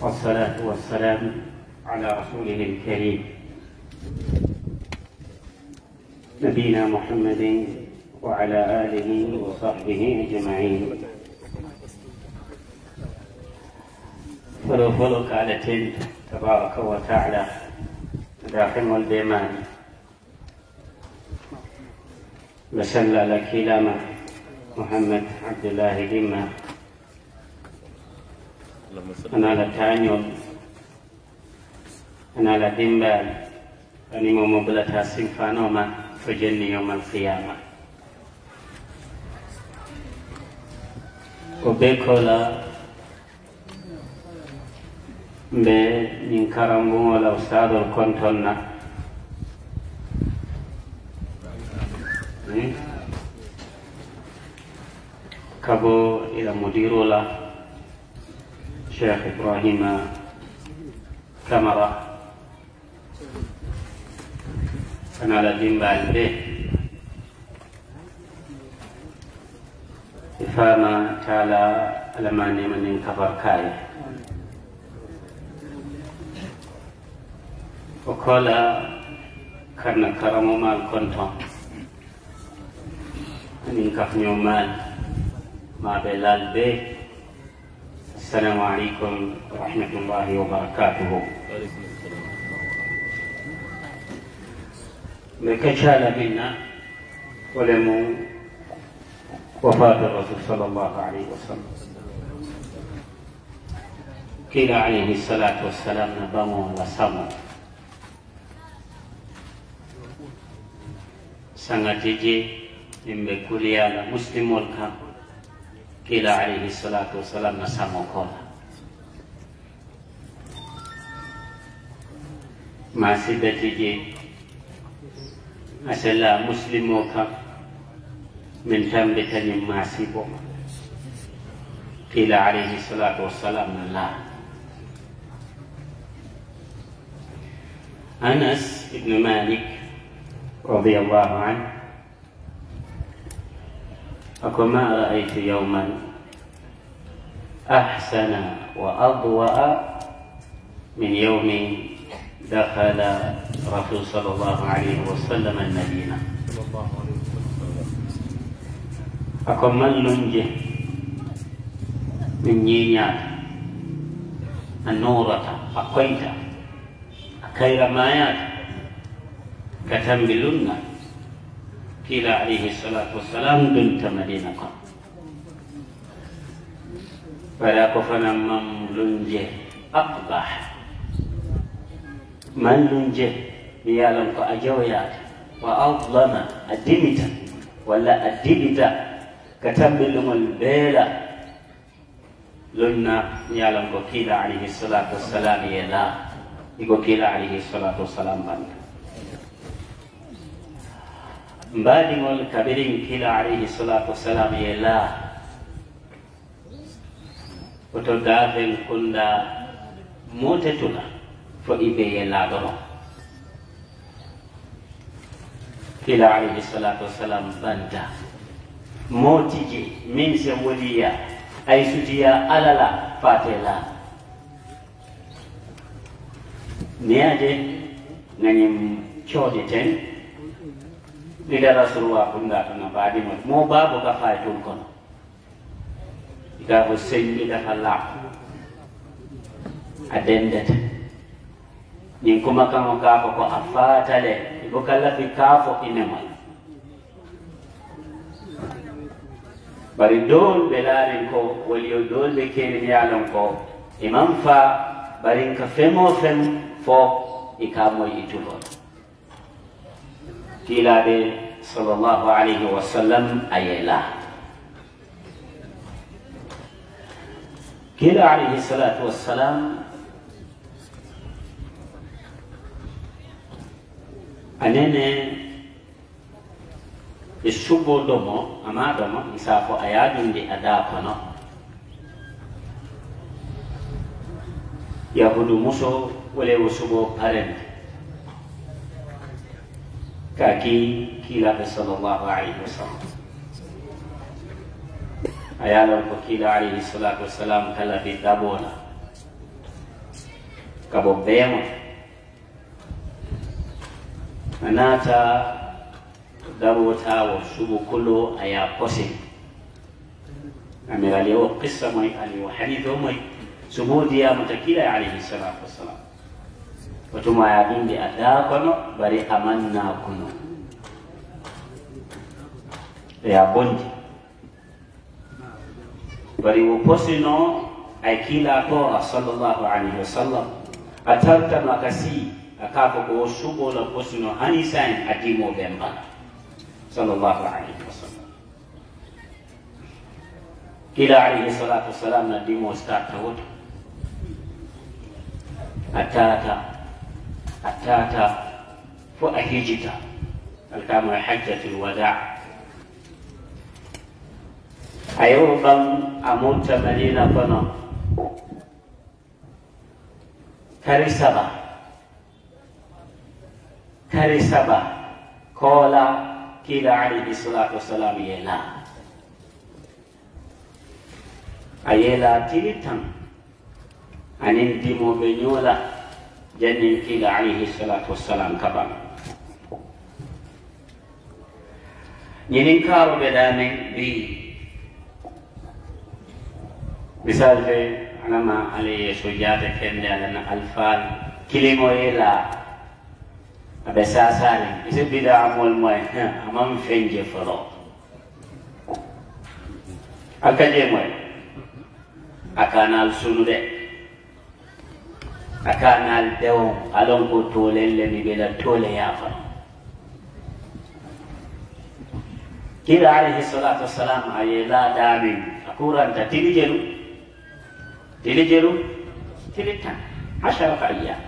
والصلاة والسلام على رسوله الكريم نبينا محمد وعلى آله وصحبه أجمعين فلوفلو قالت تبارك وتعالى داخل البيمان وسلى لك محمد عبد الله دمه anala tañol anala dimbal animo mo bulata sinfanoma fo jenni yowma alqiyama ko be kola mbe ñin karambuŋol awsadol konton na hmm? kabo ila mudirula الشيخ إبراهيم ثمرة على الدين به فما تعالى ألماني من انكفر كاي وقال كان كرم مال كنتم أن انكفنيو مال ما بلال به السلام عليكم ورحمة الله وبركاته من كشال منا ولم وفاة الرسول صلى الله عليه وسلم قيل عليه الصلاة والسلام نبامو وسامو سنة من nimekulia na مسلم kama قيل عليه الصلاة والسلام نسامو كولا مع سيدتي جي أسلا مسلموك من تنبتني ما سيبوك قيل عليه الصلاة والسلام لا أنس بن مالك رضي الله عنه أكو ما رأيت يوما أحسن وأضوأ من يوم دخل رسول صلى الله عليه وسلم المدينة أكو من لنجه من نينيات النورة أقويت أكير مايات كتنبلنك قيل عليه الصلاة والسلام دنت مدينة قط فلا كفنا من لنجه أقبح من لنجه بيالم كأجويات وأظلم الدمت ولا الدبت كتب لهم البيلة لنا يعلم قيل عليه الصلاة والسلام يلا يقول قيل عليه الصلاة والسلام بانك baligul kabirin kila alayhi salatu wassalam ye la oto dafen kunda motetula fo ibe ye laɗono kila alayhi salatu wassalam banta motije min se woliya ay sutiya alala fate la niyaje gañim coode ten ida rasulullah kunga to na baadi mo mo babo ka fa tun kono ida ko senni da falla adendata ñin kuma kamo kaafo ko a faata le ibo kallafi kaafo inema bari dool ɓe laarin ko woliyo dool ɓe keeni yaalon ko iman fa barin ka femo fem fo i kaamoy i كلابي صلى الله عليه وسلم أيلا كلا عليه الصلاة والسلام أنا الشبو دومو أما دومو مسافو أياد اندي أداقنا يهدو موسو ولي وشبو kaki kilaɓe sallllahu alayhi wa sallam a yalon ko kiila alayhi salatu wassalam kala ɓe ɗaɓola kabo beema a naata ɗaɓotawo subu kulo aya kose amirali o qissa moy ali o hadith o moy subodiyamata kiila alayhi salatu wassalam وتما يعين بأداكن بري أمنا كن يا بنتي بري وحسن أكيلا كورا صلى الله عليه وسلم أتلت مكسي أكافك وشوكو لحسن هني سين أتيمو بمبا صلى الله عليه وسلم كلا عليه الصلاة والسلام نديمو استعطاوت أتلت مكسي أتاك وأهيجك الكام حجة الوداع أيوبا أموت مدينة فنا كرسبا كرسبا كولا كيلا عليه الصلاة والسلام يلا أيلا تيتم أن يندموا بنيولا جنين يعني كيل عليه الصلاة والسلام كبا نينين يعني كارو بدانين بي مثال في علماء عليه سجاد كندا لنا ألفان كلمة إلا أبسا سالي إذا بدا عمول موي أمام فنج فرو أكا جي موي أكا نال سنو دي akanal dewon alon ko tolelle ni ɓe la tole yafan kila alayhi salatu wassalam aye la damin akuranta tili jelu tili jelu tili tan asharata ayyam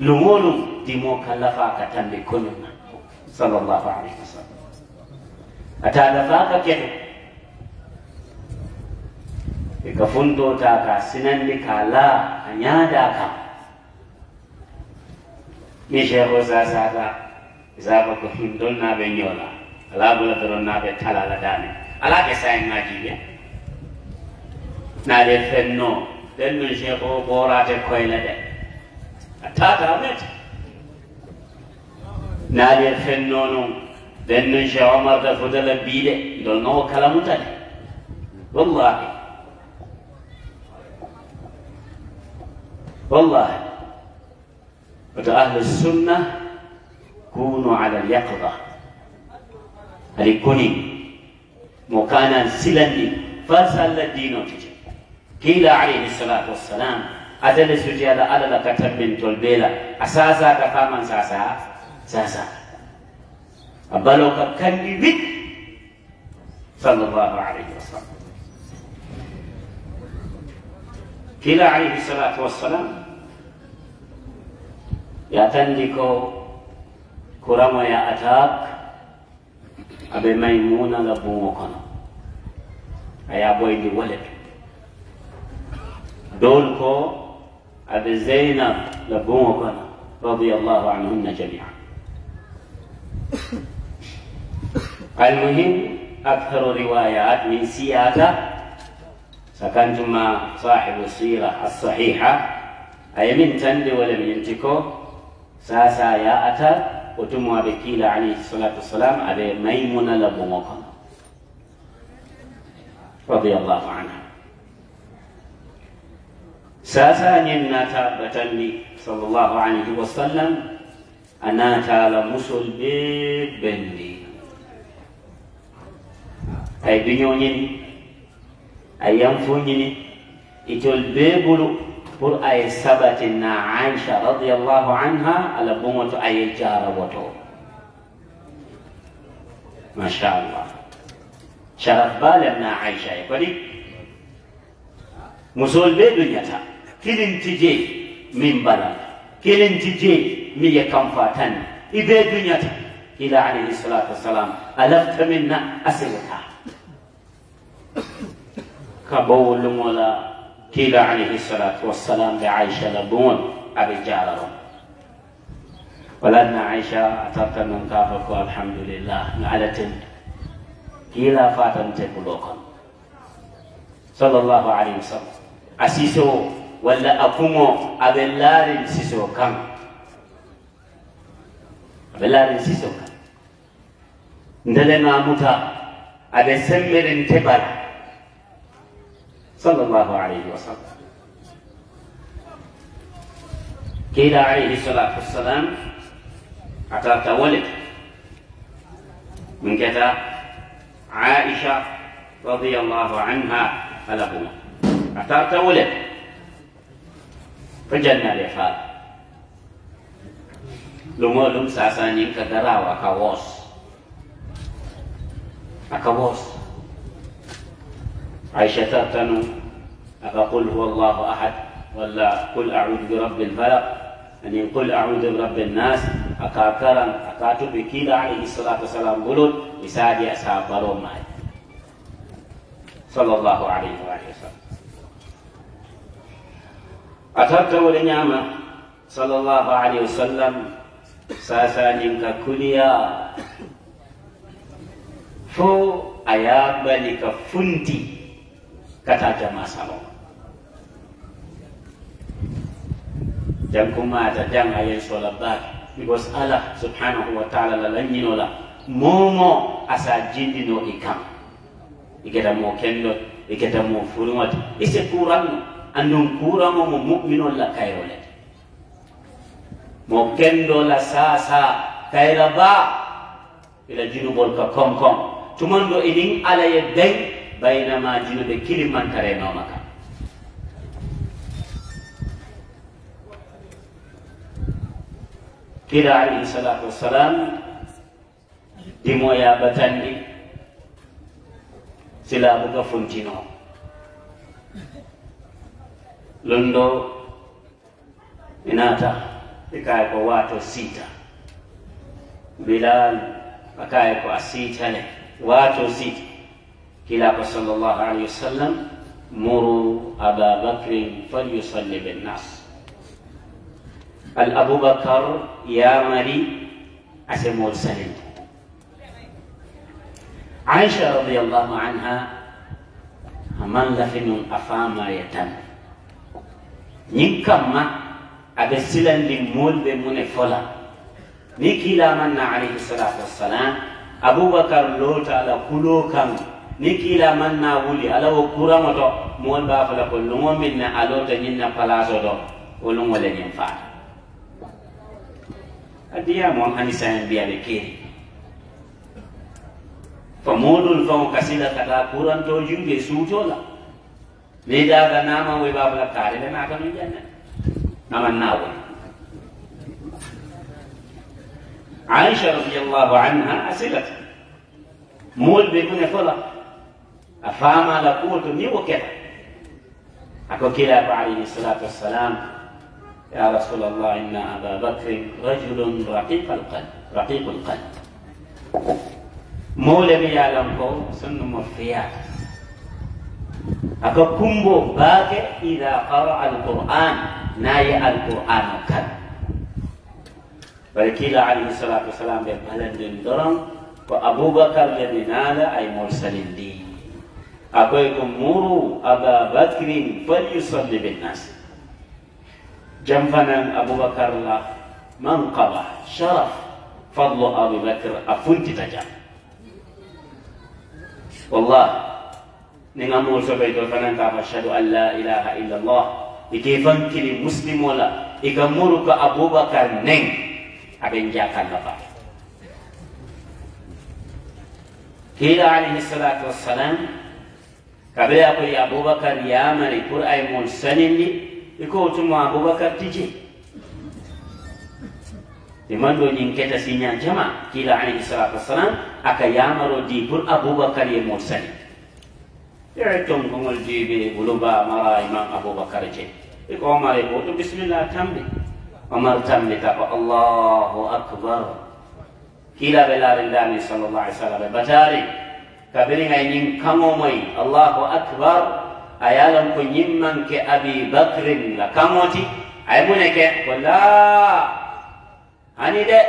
lumolum dimo kallafa ka tambe konuma sallallahu alayhi wasallam ata lafa ka keɗo e ka fontota ka sinandi ka la a ñaada kam mi cheikho sasaka isaka ko hindol naɓe ñoola ala bulatoron naɓe talala dane ala ke sayengaji ɓe naade fenno ɗen non cheikho ɓorate koyle ɗe a tata mete naade fenno noon ɗen non cheikh omar da fotala biiɗe ndol noho kala mutade wallahi والله ودى أهل السنة كونوا على اليقظة هل يكوني مكانا سلني فاسال الدين كيلا قيل عليه الصلاة والسلام اجل سجيادة على لكتب من البيلة أساسا كفاما ساسا ساسا أبلوك كان بك صلى الله عليه وسلم إلى عليه الصلاة والسلام تنديكو كرما يا أتاك أبي ميمون لبو مكنا أي أبوي ولد دولكو أبي زينب لبو مكنا رضي الله عنهن جميعا المهم أكثر روايات من سيادة سكنتما صاحب السيرة الصحيحة أي من تند ولم ينتكو ساسا يا أتا وتموا بكيل عليه الصلاة والسلام أبي ميمونة لبوموكم رضي الله عنها ساسا نمنا تابة صلى الله عليه وسلم أنا تعالى مسل ببندي أي بنيونين أيام فنجني إتول بيبولو بر أي سبت إن عائشة رضي الله عنها على بومتو أي جارة وطو ما شاء الله شرف بال ابن عائشة يقولي مزول بيبلو نتا كلن تجي من بلا كلن تجي مي كم فاتن إذا دنيا كلا عليه الصلاة والسلام ألفت منا أسلتها كبول مولا كيلا عليه الصلاة والسلام بعيشة لبون أرجال ولأن عيشة أترت من كافك الحمد لله نعلت كيلا فاتن تبلوكا صلى الله عليه وسلم أسيسو ولا أقومو الله سيسو كم الله سيسو كم ندلنا أبي أبسمر انتبرا صلى الله عليه وسلم كيدا عليه الصلاة والسلام أتاك ولد من كتا عائشة رضي الله عنها فلهما أتاك ولد فجنة لحال لما لم ساسانين كدرا وكواس أكواس عائشة ترتن أفقل هو الله أحد ولا قل أعوذ برب الفلق يعني قل أعوذ برب الناس أكاكرا أكاتو بكيلا عليه الصلاة والسلام قلون يساعد أصحاب بروما صلى الله عليه وآله وسلم أترت ولنعمة صلى الله عليه وسلم ساسانين ككليا فو أيابني كفنتي kata jama salo dan kuma ta dan ayen sola bak because Allah subhanahu wa ta'ala la lanyin ola momo asa jindi no ikam igeda mo kendo igeda mo furumati ise kuran anun kuramo mo mu'mino la kayrole mo kendo la sasa kayraba ila jinubol ka kom kom tumando ining ala ye deng baynama kili kilimantare nooma kam kira alayhi salatu wassalam dimoya batandi buka funtino londo minata ikaya ko wato sita bilal akaye ko asitale wato sita خلافه صلى الله عليه وسلم مروا أبا بكر فليصلي بالناس الأبو بكر يا مري أسمو السليم عائشة رضي الله عنها من لفن أفاما يتم نكما كما أبسلا للمول بمن فلا نكلا من عليه الصلاة والسلام أبو بكر لوتا لكلو كم ni kila man na wuli ala wo kurama to mool baa fo la ko luŋo miŋ na aloota ñiŋ na palaso to wo luŋo le ñiŋ faata adiya moon hani saŋ biya be keeri fa moodul faŋo kasi la ka taa kurantoo jumbe suutoo la niŋ daa ka naama wo i baa fo la kaari le naata nuŋ janna amaŋ naa wo عائشة رضي الله عنها أسئلة مول بيكون فلا أقام لقوت وكذا أكو كلا عليه الصلاة والسلام يا رسول الله إن أبا بكر رجل رقيق القلب رقيق القلب مولمي يعلم كو سن مفيات أكو كمبو باك إذا قرأ القرآن ناي القرآن كذا فالكيل عليه الصلاة والسلام بقلن درم وأبو بكر الذي أي مرسل لي أبيكم مورو أبا بكر فليصلي بالناس جنفنا أبو بكر لا منقبة شرف فضل أبو بكر أفنت تجا والله نعمل سبيت فنان كما أشهد أن لا إله إلا الله إكيفن كلي مسلم ولا إكمورك أبو بكر نين أبن جاكا لفا قيل عليه الصلاة والسلام kabe ya koi abubakar ya mari kur ai mun sanini iko tumu abubakar tije iman do nyin keta sinya jama kila alaihi salatu wassalam aka ya maro di kur abubakar ya mun sanin ya tum gongol di be buluba mara iman abubakar je iko mare bo to bismillah tambe amar tambe ta allahu akbar kila belarinda ni sallallahu alaihi wasallam ya batari كبرنا من كمومي الله أكبر أيالن يمن كأبي بكر لكموتي عيبونك ولا هني ده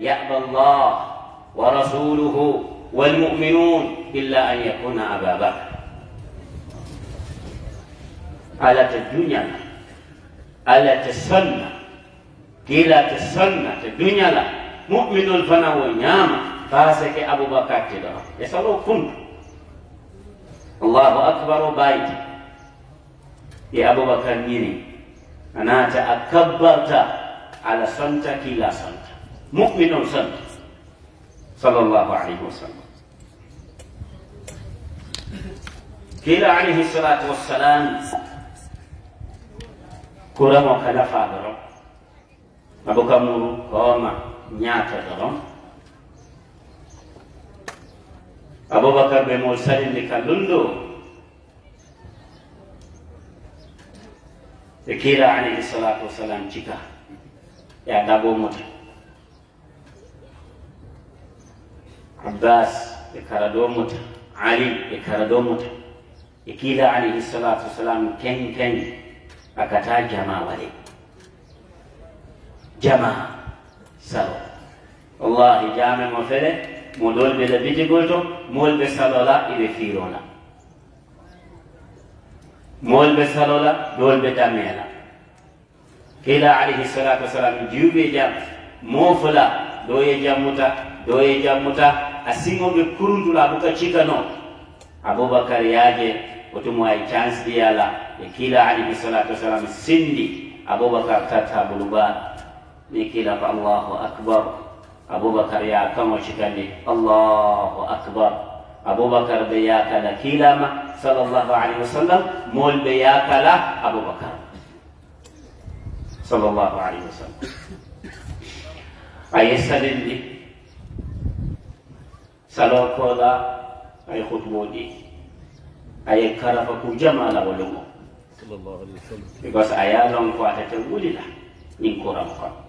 يأبى الله ورسوله والمؤمنون إلا أن يكون أبا بكر على الدنيا على السنة كلا السنة الدنيا لا مؤمن الفنا ونعمه faseke aboubacar ti ɗo e salo kuntu allahu akbar o bayti e aboubacar ñini a naata a kabbarta ala sonta kila sonta mumin on sonta sallllahu alayhi wa sallam kila alayhi salatu wassalam kuramo ka nafa ɗoron aboukamuru kooma ñaata ɗoron أبو بكر بمرسل اللي كان له كيرا عليه الصلاة والسلام تيكا يا دابو مت عباس يكردو مت علي يكردو مت كيرا عليه الصلاة والسلام كن كن أكتا جماعة ولي جماعة سلام الله جامع مفرد مدول بلا بيجي قلتم مول بسالولا إلى فيرولا مول بسالولا دول بتاميلا كلا عليه الصلاة والسلام جيوبي جام موفلا دو موتا دو دوي موتا أسيمو بكرون دولا بوكا تشيكانو أبو بكر ياجي وتمو أي چانس ديالا كلا عليه الصلاة والسلام سندي أبو بكر تتابلوا ni kila Allahu akbar أبو بكر يا كم شكلي الله أكبر أبو بكر بياك لكيلما صلى الله عليه وسلم مول بياك له أبو بكر صلى الله عليه وسلم أي لي سلام كودا أي خطبودي أي كرفك جمال ولمو صلى الله عليه وسلم because أيالهم قواتة الأولى إن كرمكم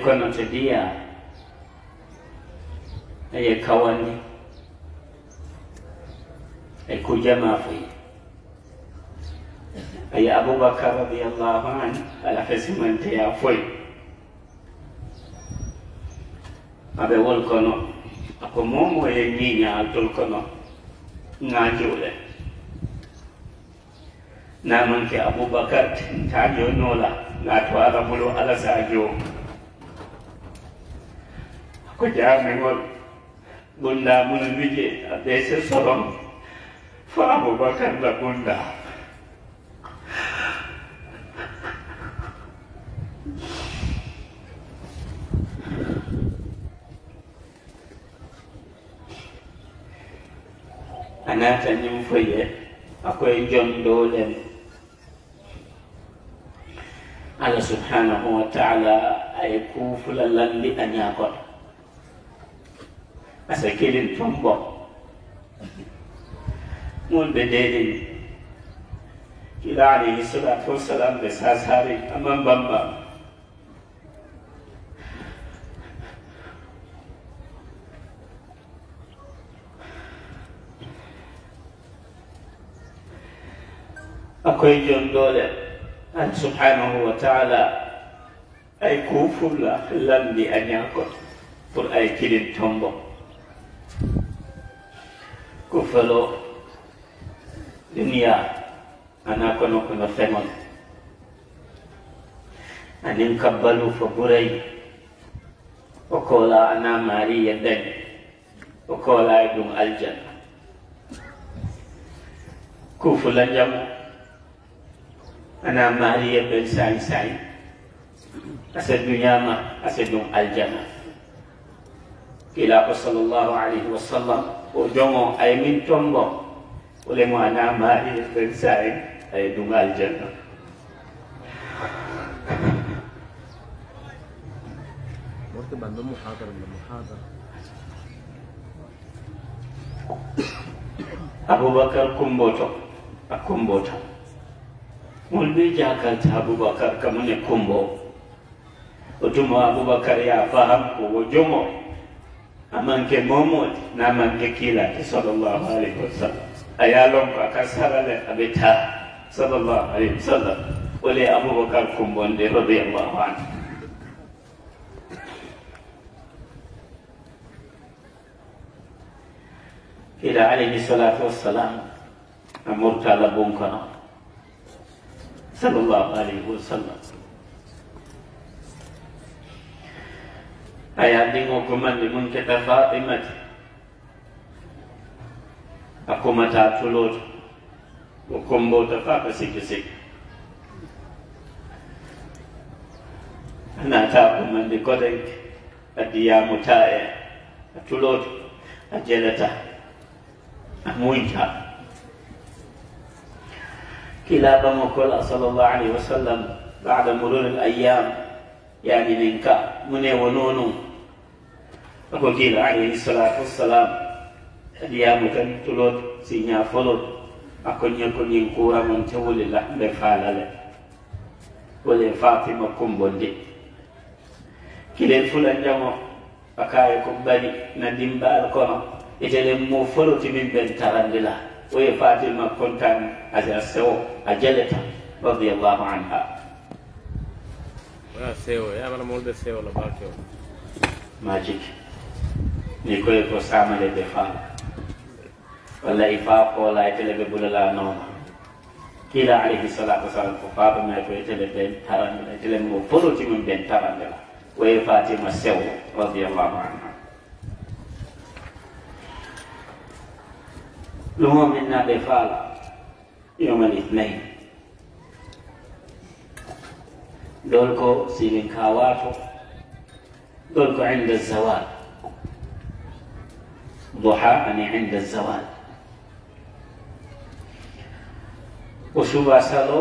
e kono to dia eye kawandi e kujama foyi eye aboubacar radiallahu an ala fesimanteya foyi aɓe wol kono ako momo e ñiñaal tol kono ŋaajiwle namanke aboubacar tajonola na to ala bolo ala kujanangol bunda mun vije adese sorom famu bakar la bunda anata nyimfo ye akwai jom dole Allah subhanahu wa ta'ala ay kufulallan li an yakon مساكين الفنبة مول بدين كلا عليه الصلاة والسلام بس هزهاري أمام بمبا أكوي جون دولة أن سبحانه وتعالى أي كوفو لا لم لأن يكون pour ay kilin tombok Kufalo dunia ana ko no ko femon anin kabbalu fo o kola ana mari yedden o kola dum aljan kufula jam ana mari yedden sain sai asa dunya ma asa dum aljanna كلاب صلى الله عليه وسلم وجمع أي من تنبع ولما أنا ماهي بن سعيد أي دماء الجنة مرتبة من محاضر من محاضر أبو بكر كمبوتو أكمبوتو ملبي جاكت أبو بكر كمن كمبو وجمع أبو بكر يا فهم وجمع amanke momodi namanke kilake sallllahu alayhi wa sallam a yalonko aka sarale aɓe ta sallllahu alayhi wa sallam wole aboubacar kumbonde radiallahu anhu kiɗa alayhi salatu wassalam a murtala bonkono sallllahu alayhi wa sallam أيادينكما لمنك فاطمته أكما تاتلوت وكم بوتفاق سكسك أنا تاكما لقدنك الديام تائه أتلوت أجلته أمويتها كلابا وكل صلى الله عليه وسلم بعد مرور الأيام يعني ننكا من ونونو أقول كيلا عليه الصلاة والسلام ديامو كان تلوت سينيا فلوت أكون يكون ينكورا من تول الله بفعل له ولي فاطمة كم بندي كلين فلان جمو أكاي كبالي ندم بالكونا إتلم موفلوت من بنتران لله وهي فاطمة كنت أزرسو أجلتا رضي الله عنها Ah, SEO, yeah, I'm more the SEO about you. Magic. Nikole ko sama le be fa. Wala ifa ko la itele be bulala no. Kila alayhi salatu wasalam ko fa ba me ko itele be taran le itele mo polo ti mun ben taran le. Wa Fatima SEO radiyallahu anha. لهم منا بفال يوم الاثنين دولكو سيمين كاواتو دولكو عند الزوال ضحى يعني عند الزوال وشوبا سالو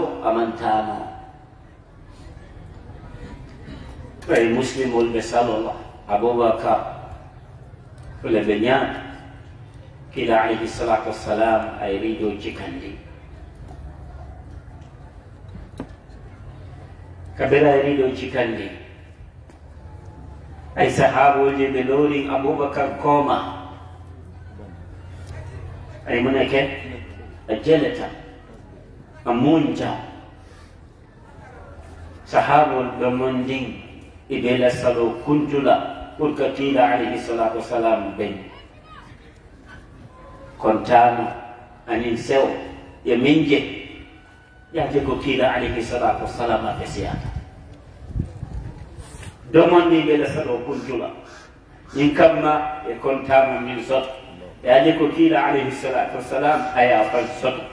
تامو أي مسلم والبسال الله أبو بكر ولبنيان كلا عليه الصلاة والسلام أي ريدو جيكاندي kabila yaliɗo cikandi ay sahaboji ɓe loori aboubacar kooma ay muneke a jeleta a munja sahabol ɓe mon ndin iɓe lassalo kuntula pour que tiila alayhi salatu wasalam ɓen kontano anin sewo ye min je yaake ko tiila alayhi salatu wasalam a fesiyata domonni ɓe lesa ɗo kuntuma min kamma e kontama min soto e ali ko kiila alayhi salatu wassalam aya fal soto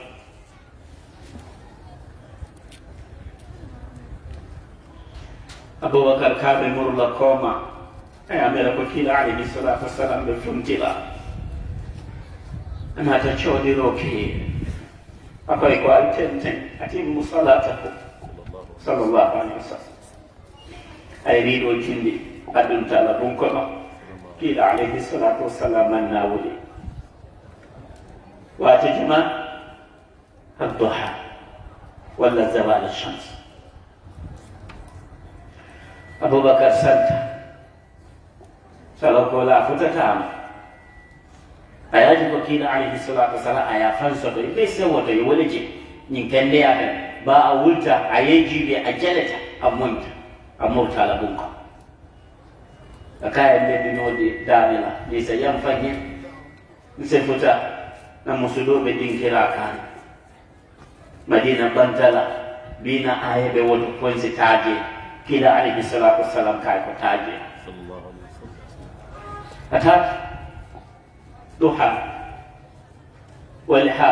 aboubacar kaɓe murla kooma aya mbela ko kiila alayhi salatu wassalam ɓe fumtiɓa anata coɗiro keewe akoy ko al ten ten atimmu salatakum sallllahu alayhi wa sallam ay riiɗo jindi aɗum to allah ɗumkono kiiɗo alayhi salatu wassalam man nawuli watijima addoha walla zawal chams aboubacar santa salo ko la futatama a yaji ko kiiɗo alayhi salatu wassalam aya fansoto ɓe sewoto yo wole je ñin kendeya ten ba a wulta a yejiɓe a jaleta a moñta amurta la bunka akaya le dino di damina ni sa yan fanye nse futa na musulobe din kira kan madina bantala bina ayebe woto konse taje kila alayhi salatu wassalam kay ko taje ata duha walha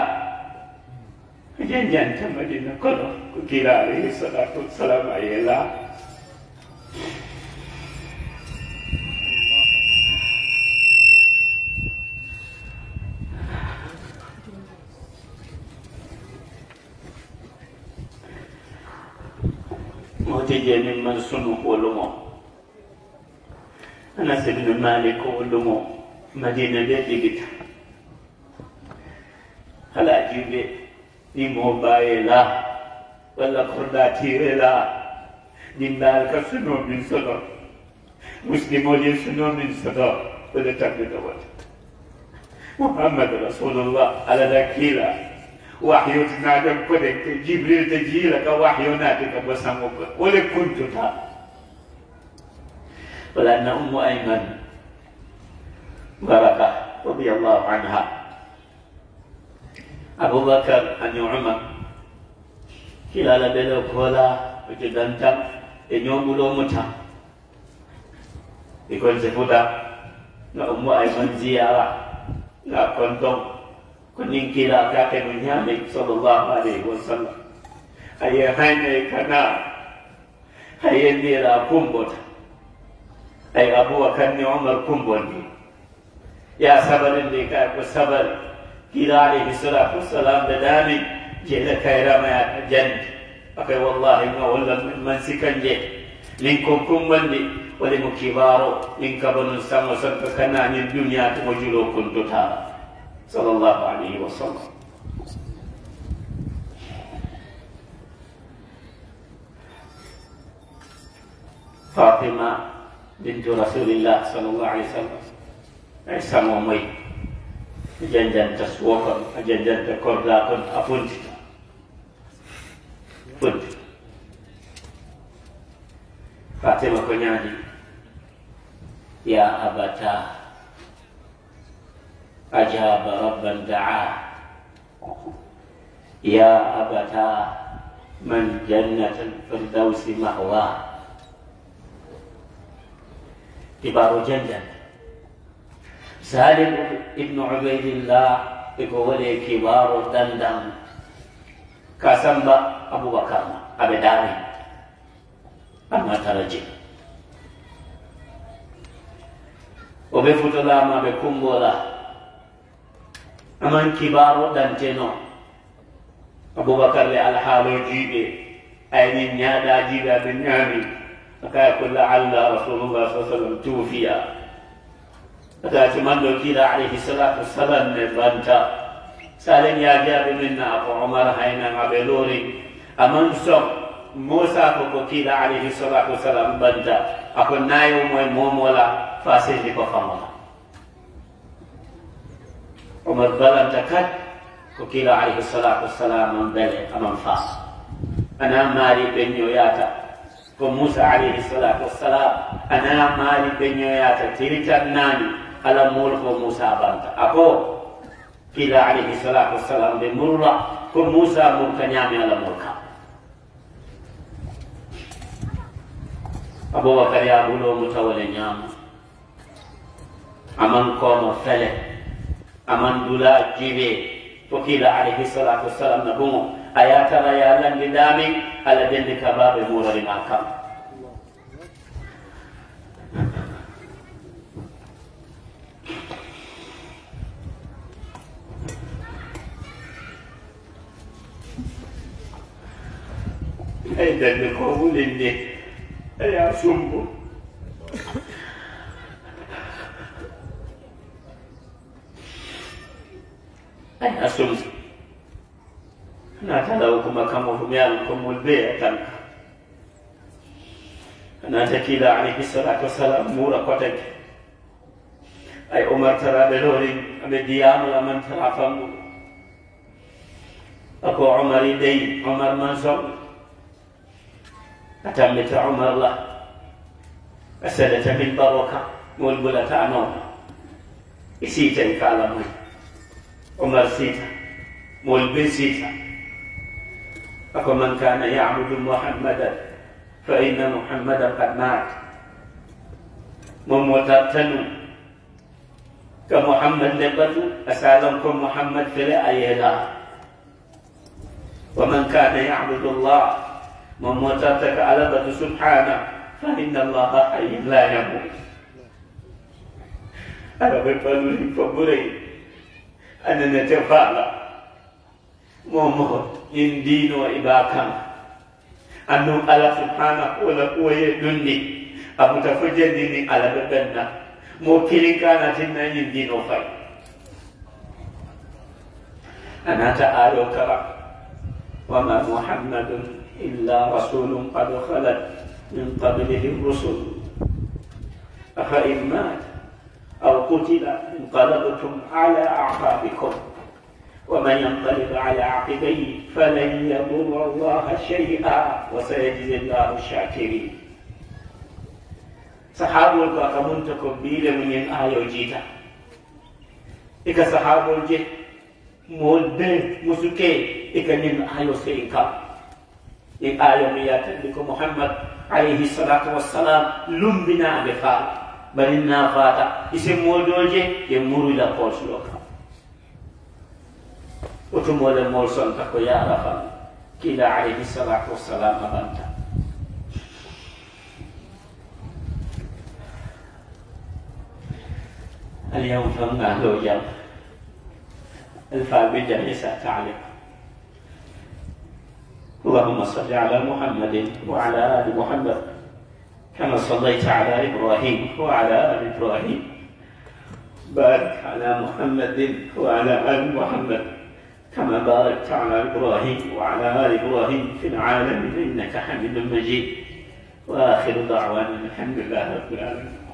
jen jen tamadina kono ko kila alayhi salatu wassalam ayela motije min man sunu wolumo anas ibnu malik wolumo madina ɓe ɗigita halaji ɓe ɗimo bayela walla korɗatire la din برکت نور من صدا مسلمون نور من صدا بده تقلید آورد محمد رسول الله على ذكيلا وحي نادم قدك جبريل لك وحي نادك بسموك ولك كنت تا ولأن أم أيمن بركة رضي الله عنها أبو بكر أن يعمر خلال بلوك ولا تم enyomulo omuta ikonzefuta nga omwa emanziyala nga kontom kuninkira kake nunyame sallallahu alaihi wasallam aye haine kana aye ndira lah kumbota aye abu wakani umar kumboni ya sabar ndi ka ko sabar kira alaihi salatu wasalam da dani jela kaira ma jannati aɓe wallahi ma walla min mansikan je nin ko kummandi woni mo kibaro min kaba non sango sanka kananin duniya tomo julo kontotala sallallahu alayhi wa sallam فاطمة بنت رسول الله صلى الله عليه وسلم عيسى مومي جنجن تسوقا جنجن تكرداكن أفنتك pun. Fatimah Kunyadi. Ya abata. Ajab Rabban da'a. Ya abata. Man jannatan firdausi mahwa. Di baru jannat. Salim ibn Ubaidillah Iku wali kibaru dandam Kasamba abubakar ma aɓe daame an watara je o ɓe futolama ɓe kumbola aman kibaro ɗanteno abubakar le alhaalo jiɓe aynin ñaaɗa jiɓe aɓe ñaami akaya ko laalla rasulullah sa sallam tuufiya akaya timanɗo kiila alayhi salatu wassalam ne banta salen yaajaɓe min na ko omar haynan aɓe loori أمام سوق موسى فقطيل عليه الصلاة والسلام بنتا أكون نايو موي مومولا فاسد لكو فامولا عمر بلان تكت فقطيل عليه الصلاة والسلام بلي أمام فاس أنا مالي بن يوياتا كو موسى عليه الصلاة والسلام أنا مالي بن يوياتا تريتا ناني على مولك موسى بنتا أكو قيل عليه الصلاة والسلام بمرة كو موسى مركنيامي على مركنيامي abubakar ya bulo mutawale ñaama aman kooma fele aman dula jibe fokila alayhi salatu wassalam na ɗumo a yatara ya landi damin ala dendi ka baɓe murarima kam ay dandi ko wulinde يا سمبو أنا سمبو أنا تلوكم كم وفميالكم والبيع كم أنا تكيلا عليه الصلاة والسلام مورا قتك أي عمر ترى بلورين أمي ديام لمن ترى فمو أكو عمر دي عمر منصور أتمت عمر الله أسدت بالبركة والبلة نوم إسيتا كالما عمر سيتا مول بن سيتا من كان يعبد محمدا فإن محمدا قد مات تنو كمحمد لبتو أسالمكم محمد فلا أيلا ومن كان يعبد الله memocat ke Allah batu subhana fa inna Allah hayyun la yamut ada berpalu pemburi ana natafala momo indino ibakam annu ala subhanahu wa ta'ala dunni abu tafujjani ni ala badanna mo kilikana tinna yindino fai anata aro kara وما محمد إلا رسول قد خلت من قبله الرسل أفإن مات أو قتل انقلبتم على أعقابكم ومن ينقلب على عقبيه فلن يضر الله شيئا وسيجزي الله الشاكرين صحاب الباقمون aka من ko biile إذا aayo jiita ika sahabol je mo de musuke يقال يا تبلك محمد عليه الصلاة والسلام لم بنا بفال بل إنا فاتا يسمو دولجي يمور إلى قول شلوكا وتمو لمول سنتك يا رفال كلا عليه الصلاة والسلام أبنتا اليوم لو يوم الفابجة يسأت تعليق اللهم صل على محمد وعلى آل محمد كما صليت على إبراهيم وعلى آل إبراهيم بارك على محمد وعلى آل محمد كما باركت على إبراهيم وعلى آل إبراهيم في العالمين إنك حميد مجيد وآخر دعوانا الحمد لله رب العالمين